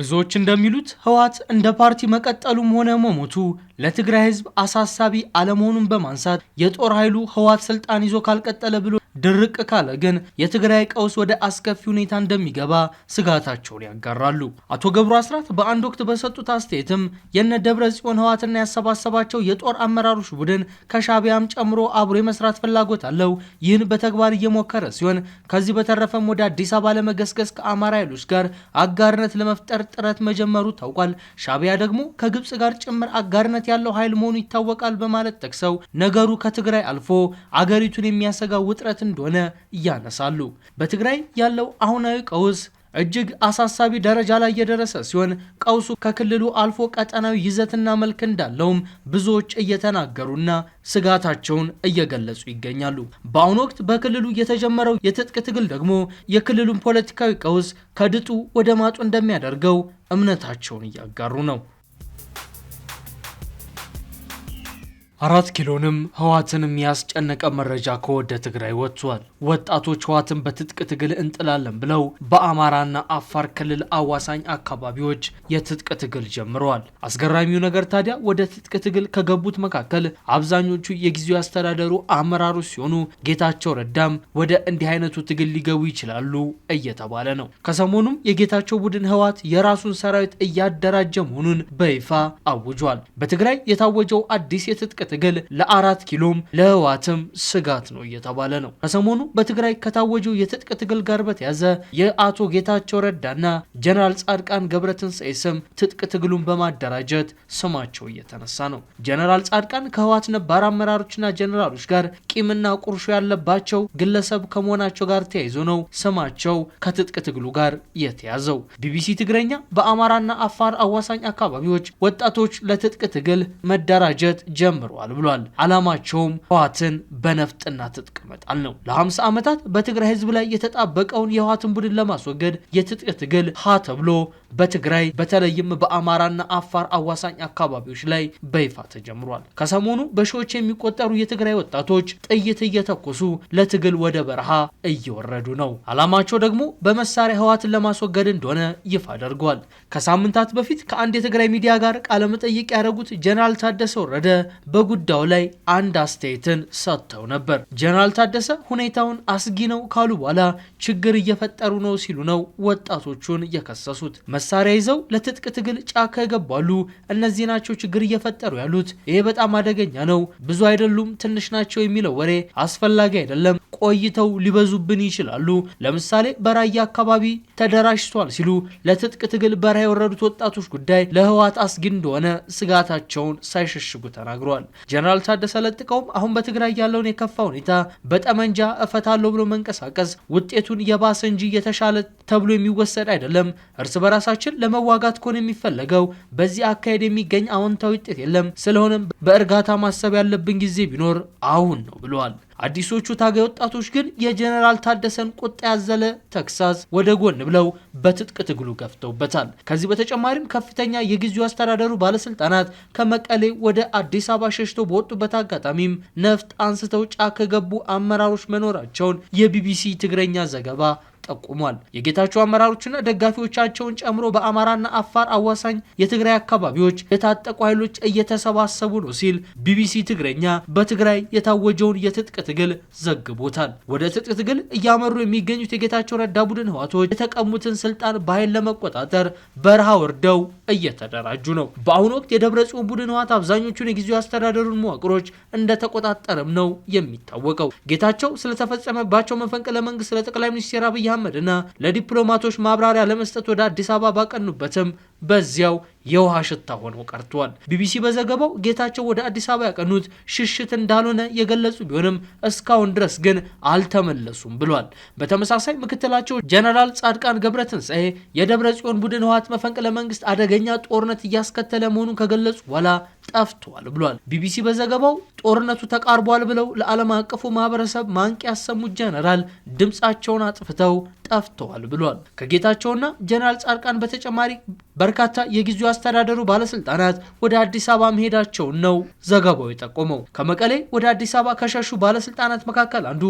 ብዙዎች እንደሚሉት ህወሓት እንደ ፓርቲ መቀጠሉም ሆነ መሞቱ ለትግራይ ህዝብ አሳሳቢ አለመሆኑን በማንሳት የጦር ኃይሉ ህወሓት ስልጣን ይዞ ካልቀጠለ ብሎ ድርቅ ካለ ግን የትግራይ ቀውስ ወደ አስከፊ ሁኔታ እንደሚገባ ስጋታቸውን ያጋራሉ። አቶ ገብሩ አስራት በአንድ ወቅት በሰጡት አስተያየትም የነ ደብረ ጽዮን ህዋትና ያሰባሰባቸው የጦር አመራሮች ቡድን ከሻቢያም ጨምሮ አብሮ የመስራት ፍላጎት አለው። ይህን በተግባር እየሞከረ ሲሆን ከዚህ በተረፈም ወደ አዲስ አበባ ለመገስገስ ከአማራ ኃይሎች ጋር አጋርነት ለመፍጠር ጥረት መጀመሩ ታውቋል። ሻቢያ ደግሞ ከግብጽ ጋር ጭምር አጋርነት ያለው ኃይል መሆኑ ይታወቃል በማለት ጠቅሰው ነገሩ ከትግራይ አልፎ አገሪቱን የሚያሰጋ ውጥረት ምክንያት እንደሆነ እያነሳሉ። በትግራይ ያለው አሁናዊ ቀውስ እጅግ አሳሳቢ ደረጃ ላይ የደረሰ ሲሆን ቀውሱ ከክልሉ አልፎ ቀጠናዊ ይዘትና መልክ እንዳለውም ብዙዎች እየተናገሩና ስጋታቸውን እየገለጹ ይገኛሉ። በአሁኑ ወቅት በክልሉ የተጀመረው የትጥቅ ትግል ደግሞ የክልሉን ፖለቲካዊ ቀውስ ከድጡ ወደ ማጡ እንደሚያደርገው እምነታቸውን እያጋሩ ነው። አራት ኪሎንም ህወሓትን የሚያስጨነቀ መረጃ ከወደ ትግራይ ወጥቷል። ወጣቶች ህወሓትን በትጥቅ ትግል እንጥላለን ብለው በአማራና አፋር ክልል አዋሳኝ አካባቢዎች የትጥቅ ትግል ጀምረዋል። አስገራሚው ነገር ታዲያ ወደ ትጥቅ ትግል ከገቡት መካከል አብዛኞቹ የጊዜው አስተዳደሩ አመራሮች ሲሆኑ ጌታቸው ረዳም ወደ እንዲህ አይነቱ ትግል ሊገቡ ይችላሉ እየተባለ ነው። ከሰሞኑም የጌታቸው ቡድን ህወሓት የራሱን ሰራዊት እያደራጀ መሆኑን በይፋ አውጇል። በትግራይ የታወጀው አዲስ የትጥቅ ትግል ለአራት ኪሎም ለህዋትም ስጋት ነው እየተባለ ነው። ከሰሞኑ በትግራይ ከታወጀው የትጥቅ ትግል ጋር በተያዘ የአቶ ጌታቸው ረዳና ጀነራል ጻድቃን ገብረትንሳኤ ስም ትጥቅ ትግሉን በማደራጀት ስማቸው እየተነሳ ነው። ጀነራል ጻድቃን ከህዋት ነባር አመራሮችና ጀነራሎች ጋር ቂምና ቁርሾ ያለባቸው ግለሰብ ከመሆናቸው ጋር ተያይዞ ነው ስማቸው ከትጥቅ ትግሉ ጋር የተያዘው። ቢቢሲ ትግረኛ በአማራና አፋር አዋሳኝ አካባቢዎች ወጣቶች ለትጥቅ ትግል መደራጀት ጀምሯል ተገኝተዋል ብሏል። ዓላማቸውም ህወሓትን በነፍጥና ትጥቅ መጣል ነው። ለ50 ዓመታት በትግራይ ህዝብ ላይ የተጣበቀውን የህወሓትን ቡድን ለማስወገድ የትጥቅ ትግል ሀ ተብሎ በትግራይ በተለይም በአማራና አፋር አዋሳኝ አካባቢዎች ላይ በይፋ ተጀምሯል። ከሰሞኑ በሺዎች የሚቆጠሩ የትግራይ ወጣቶች ጥይት እየተኮሱ ለትግል ወደ በረሃ እየወረዱ ነው። አላማቸው ደግሞ በመሳሪያ ህወሓትን ለማስወገድ እንደሆነ ይፋ አድርጓል። ከሳምንታት በፊት ከአንድ የትግራይ ሚዲያ ጋር ቃለመጠይቅ ያደረጉት ጀነራል ታደሰ ወረደ በጉ በጉዳዩ ላይ አንድ አስተያየትን ሰጥተው ነበር። ጀነራል ታደሰ ሁኔታውን አስጊ ነው ካሉ በኋላ ችግር እየፈጠሩ ነው ሲሉ ነው ወጣቶቹን የከሰሱት። መሳሪያ ይዘው ለትጥቅ ትግል ጫካ ይገባሉ። እነዚህ ናቸው ችግር እየፈጠሩ ያሉት። ይሄ በጣም አደገኛ ነው። ብዙ አይደሉም፣ ትንሽ ናቸው የሚለው ወሬ አስፈላጊ አይደለም። ቆይተው ሊበዙብን ይችላሉ። ለምሳሌ በራያ አካባቢ ተደራጅቷል ሲሉ ለትጥቅ ትግል በራ የወረዱት ወጣቶች ጉዳይ ለህወሓት አስጊ እንደሆነ ስጋታቸውን ሳይሸሽጉ ተናግሯል። ጀነራል ታደሰ ለጥቀውም አሁን በትግራይ ያለውን የከፋ ሁኔታ በጠመንጃ እፈታለሁ ብሎ መንቀሳቀስ ውጤቱን የባሰ እንጂ የተሻለ ተብሎ የሚወሰድ አይደለም። እርስ በራሳችን ለመዋጋት ከሆነ የሚፈለገው በዚህ አካሄድ የሚገኝ አዎንታዊ ውጤት የለም። ስለሆነም በእርጋታ ማሰብ ያለብን ጊዜ ቢኖር አሁን ነው ብለዋል። አዲሶቹ ታጋይ ወጣቶች ግን የጀኔራል ታደሰን ቁጣ ያዘለ ተግሳጽ ወደ ጎን ብለው በትጥቅ ትግሉ ገፍተውበታል። ከዚህ በተጨማሪም ከፍተኛ የጊዜው አስተዳደሩ ባለስልጣናት ከመቀሌ ወደ አዲስ አበባ ሸሽተው በወጡበት አጋጣሚም ነፍጥ አንስተው ጫካ የገቡ አመራሮች መኖራቸውን የቢቢሲ ትግረኛ ዘገባ ጠቁሟል። የጌታቸው አመራሮችና ደጋፊዎቻቸውን ጨምሮ በአማራና አፋር አዋሳኝ የትግራይ አካባቢዎች የታጠቁ ኃይሎች እየተሰባሰቡ ነው ሲል ቢቢሲ ትግረኛ በትግራይ የታወጀውን የትጥቅ ትግል ዘግቦታል። ወደ ትጥቅ ትግል እያመሩ የሚገኙት የጌታቸው ረዳ ቡድን ህዋቶች የተቀሙትን ስልጣን በኃይል ለመቆጣጠር በረሃ ወርደው እየተደራጁ ነው። በአሁኑ ወቅት የደብረ ጽዮን ቡድን ህዋት አብዛኞቹን የጊዜው አስተዳደሩን መዋቅሮች እንደተቆጣጠረም ነው የሚታወቀው። ጌታቸው ስለተፈጸመባቸው መፈንቅለ መንግስት ለጠቅላይ ሚኒስትር አብይ አህመድና ለዲፕሎማቶች ማብራሪያ ለመስጠት ወደ አዲስ አበባ ባቀኑበትም በዚያው የውሃ ሽታ ሆኖ ቀርቷል። ቢቢሲ በዘገባው ጌታቸው ወደ አዲስ አበባ ያቀኑት ሽሽት እንዳልሆነ የገለጹ ቢሆንም እስካሁን ድረስ ግን አልተመለሱም ብሏል። በተመሳሳይ ምክትላቸው ጀነራል ጻድቃን ገብረትንሳኤ የደብረ ጽዮን ቡድን ህወሓት መፈንቅለ መንግስት አደገኛ ጦርነት እያስከተለ መሆኑን ከገለጹ በኋላ ጠፍተዋል ብሏል። ቢቢሲ በዘገባው ጦርነቱ ተቃርቧል ብለው ለዓለም አቀፉ ማህበረሰብ ማንቅ ያሰሙት ጀነራል ድምፃቸውን አጥፍተው ጠፍተዋል ብሏል። ከጌታቸውና ጀነራል ጻድቃን በተጨማሪ በርካታ የጊዜው አስተዳደሩ ባለስልጣናት ወደ አዲስ አበባ መሄዳቸውን ነው ዘገባው የጠቆመው። ከመቀሌ ወደ አዲስ አበባ ከሸሹ ባለስልጣናት መካከል አንዱ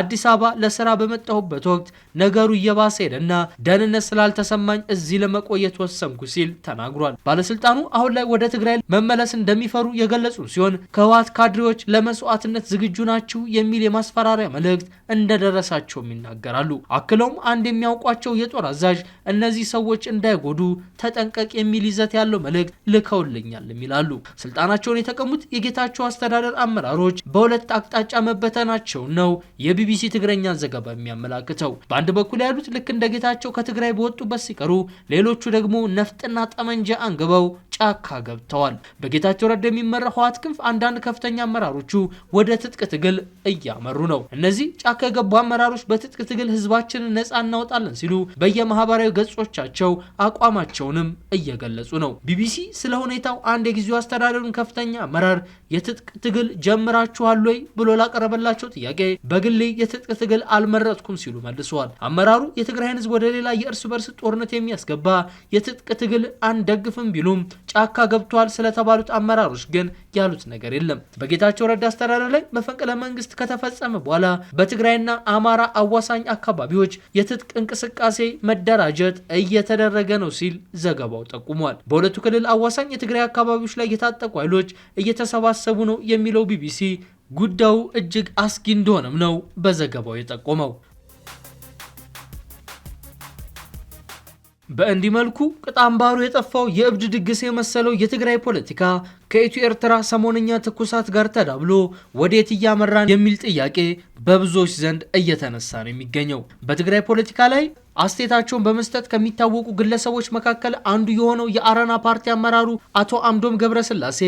አዲስ አበባ ለስራ በመጣሁበት ወቅት ነገሩ እየባሰ ሄደና ደህንነት ስላልተሰማኝ እዚህ ለመቆየት ወሰንኩ ሲል ተናግሯል። ባለስልጣኑ አሁን ላይ ወደ ትግራይ መመለስ እንደሚፈሩ የገለጹ ሲሆን ከህወሓት ካድሬዎች ለመስዋዕትነት ዝግጁ ናችሁ የሚል የማስፈራሪያ መልእክት እንደደረሳቸውም ይናገራሉ። አክለውም አንድ የሚያውቋቸው የጦር አዛዥ እነዚህ ሰዎች እንዳይጎዱ ተጠንቀቅ የሚል ይዘት ያለው መልእክት ልከውልኛልም ይላሉ። ስልጣናቸውን የተቀሙት የጌታቸው አስተዳደር አመራሮች በሁለት አቅጣጫ መበተናቸው ነው የቢቢሲ ትግረኛ ዘገባ የሚያመላክተው። በአንድ በኩል ያሉት ልክ እንደ ጌታቸው ከትግራይ በወጡበት ሲቀሩ፣ ሌሎቹ ደግሞ ነፍጥና ጠመንጃ አንግበው ጫካ ገብተዋል። በጌታቸው ረዳ የሚመራ ህወሓት ክንፍ አንዳንድ ከፍተኛ አመራሮቹ ወደ ትጥቅ ትግል እያመሩ ነው። እነዚህ ጫካ የገቡ አመራሮች በትጥቅ ትግል ህዝባችንን ነጻ እናወጣለን ሲሉ በየማህበራዊ ገጾቻቸው አቋማቸውንም እየገለጹ ነው። ቢቢሲ ስለ ሁኔታው አንድ የጊዜው አስተዳደሩን ከፍተኛ አመራር የትጥቅ ትግል ጀምራችኋል ወይ ብሎ ላቀረበላቸው ጥያቄ በግሌ የትጥቅ ትግል አልመረጥኩም ሲሉ መልሰዋል። አመራሩ የትግራይን ህዝብ ወደ ሌላ የእርስ በርስ ጦርነት የሚያስገባ የትጥቅ ትግል አንደግፍም ቢሉም ጫካ ገብቷል ስለተባሉት አመራሮች ግን ያሉት ነገር የለም። በጌታቸው ረዳ አስተዳደር ላይ መፈንቅለ መንግስት ከተፈጸመ በኋላ በትግራይና አማራ አዋሳኝ አካባቢዎች የትጥቅ እንቅስቃሴ መደራጀት እየተደረገ ነው ሲል ዘገባው ጠቁሟል። በሁለቱ ክልል አዋሳኝ የትግራይ አካባቢዎች ላይ የታጠቁ ኃይሎች እየተሰባሰቡ ነው የሚለው ቢቢሲ ጉዳዩ እጅግ አስጊ እንደሆነም ነው በዘገባው የጠቆመው። በእንዲህ መልኩ ቅጣምባሩ የጠፋው የእብድ ድግስ የመሰለው የትግራይ ፖለቲካ ከኢትዮ ኤርትራ ሰሞነኛ ትኩሳት ጋር ተዳብሎ ወዴት እያመራን የሚል ጥያቄ በብዙዎች ዘንድ እየተነሳ ነው የሚገኘው። በትግራይ ፖለቲካ ላይ አስተያየታቸውን በመስጠት ከሚታወቁ ግለሰቦች መካከል አንዱ የሆነው የአረና ፓርቲ አመራሩ አቶ አምዶም ገብረስላሴ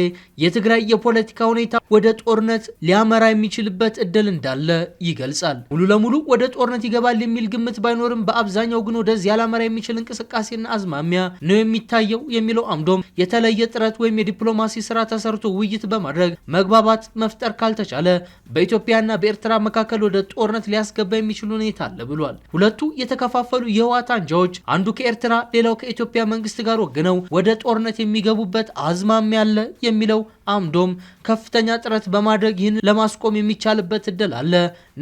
የትግራይ የፖለቲካ ሁኔታ ወደ ጦርነት ሊያመራ የሚችልበት እድል እንዳለ ይገልጻል። ሙሉ ለሙሉ ወደ ጦርነት ይገባል የሚል ግምት ባይኖርም በአብዛኛው ግን ወደዚ ሊያመራ የሚችል እንቅስቃሴና አዝማሚያ ነው የሚታየው የሚለው አምዶም የተለየ ጥረት ወይም የዲፕሎማሲ ስራ ተሰርቶ ውይይት በማድረግ መግባባት መፍጠር ካልተቻለ በኢትዮጵያና በኤርትራ መካከል ወደ ጦርነት ሊያስገባ የሚችል ሁኔታ አለ ብሏል። ሁለቱ የተከፋፈ የተቀበሉ የህወሓት አንጃዎች አንዱ ከኤርትራ ሌላው ከኢትዮጵያ መንግስት ጋር ወግነው ወደ ጦርነት የሚገቡበት አዝማሚያ አለ የሚለው አምዶም ከፍተኛ ጥረት በማድረግ ይህን ለማስቆም የሚቻልበት እድል አለ።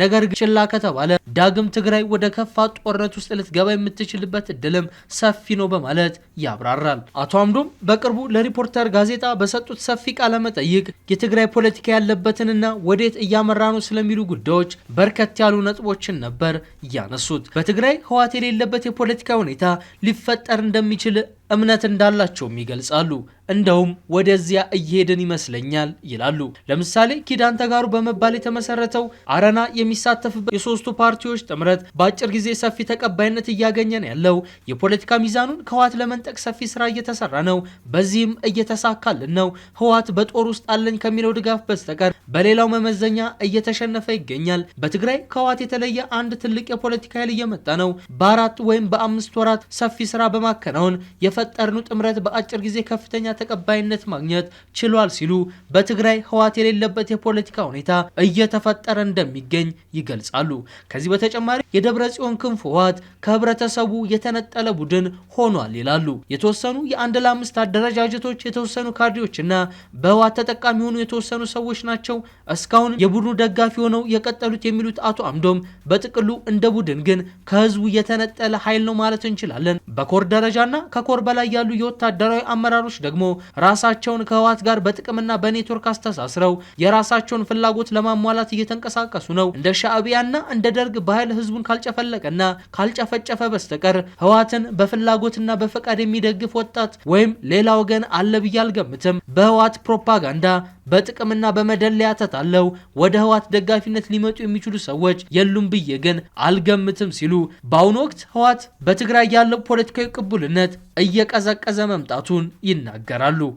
ነገር ግን ችላ ከተባለ ዳግም ትግራይ ወደ ከፋ ጦርነት ውስጥ ልትገባ የምትችልበት እድልም ሰፊ ነው በማለት ያብራራል። አቶ አምዶም በቅርቡ ለሪፖርተር ጋዜጣ በሰጡት ሰፊ ቃለ መጠይቅ የትግራይ ፖለቲካ ያለበትንና ወዴት እያመራ ነው ስለሚሉ ጉዳዮች በርከት ያሉ ነጥቦችን ነበር እያነሱት በትግራይ ህወሓት የሌለበት የፖለቲካ ሁኔታ ሊፈጠር እንደሚችል እምነት እንዳላቸውም ይገልጻሉ። እንደውም ወደዚያ እየሄድን ይመስለኛል ይላሉ። ለምሳሌ ኪዳን ተጋሩ በመባል የተመሰረተው አረና የሚሳተፍበት የሶስቱ ፓርቲዎች ጥምረት በአጭር ጊዜ ሰፊ ተቀባይነት እያገኘ ነው ያለው። የፖለቲካ ሚዛኑን ከህዋት ለመንጠቅ ሰፊ ስራ እየተሰራ ነው። በዚህም እየተሳካልን ነው። ህዋት በጦር ውስጥ አለኝ ከሚለው ድጋፍ በስተቀር በሌላው መመዘኛ እየተሸነፈ ይገኛል። በትግራይ ከዋት የተለየ አንድ ትልቅ የፖለቲካ ኃይል እየመጣ ነው። በአራት ወይም በአምስት ወራት ሰፊ ስራ በማከናወን የፈጠርኑ ጥምረት በአጭር ጊዜ ከፍተኛ ተቀባይነት ማግኘት ችሏል ሲሉ በትግራይ ህዋት የሌለበት የፖለቲካ ሁኔታ እየተፈጠረ እንደሚገኝ ይገልጻሉ። ከዚህ በተጨማሪ የደብረ ጽዮን ክንፍ ህዋት ከህብረተሰቡ የተነጠለ ቡድን ሆኗል ይላሉ። የተወሰኑ የአንድ ለአምስት አደረጃጀቶች፣ የተወሰኑ ካድሬዎችና በህዋት ተጠቃሚ የሆኑ የተወሰኑ ሰዎች ናቸው እስካሁን የቡድኑ ደጋፊ ሆነው የቀጠሉት የሚሉት አቶ አምዶም በጥቅሉ እንደ ቡድን ግን ከህዝቡ የተነጠለ ኃይል ነው ማለት እንችላለን በኮር ደረጃና ከኮር በላይ ያሉ የወታደራዊ አመራሮች ደግሞ ራሳቸውን ከህወሓት ጋር በጥቅምና በኔትወርክ አስተሳስረው የራሳቸውን ፍላጎት ለማሟላት እየተንቀሳቀሱ ነው። እንደ ሻዕቢያና እንደ ደርግ በኃይል ህዝቡን ካልጨፈለቀና ካልጨፈጨፈ በስተቀር ህወሓትን በፍላጎትና በፈቃድ የሚደግፍ ወጣት ወይም ሌላ ወገን አለ ብዬ አልገምትም። በህወሓት ፕሮፓጋንዳ በጥቅምና በመደለያ ተታለው ወደ ህወሓት ደጋፊነት ሊመጡ የሚችሉ ሰዎች የሉም ብዬ ግን አልገምትም ሲሉ በአሁኑ ወቅት ህወሓት በትግራይ ያለው ፖለቲካዊ ቅቡልነት እየቀዘቀዘ መምጣቱን ይናገራሉ።